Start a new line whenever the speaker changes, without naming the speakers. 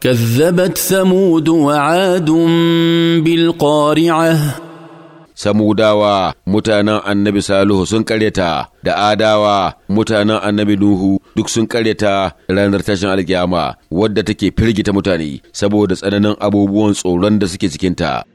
كذبت ثمود وعاد بالقارعه
Samudawa mutanen annabi Salihu sun karyata da Adawa mutanen annabi Nuhu duk sun karyata ranar tashin alkiyama wadda take firgita mutane saboda tsananin abubuwan tsoron da suke cikinta.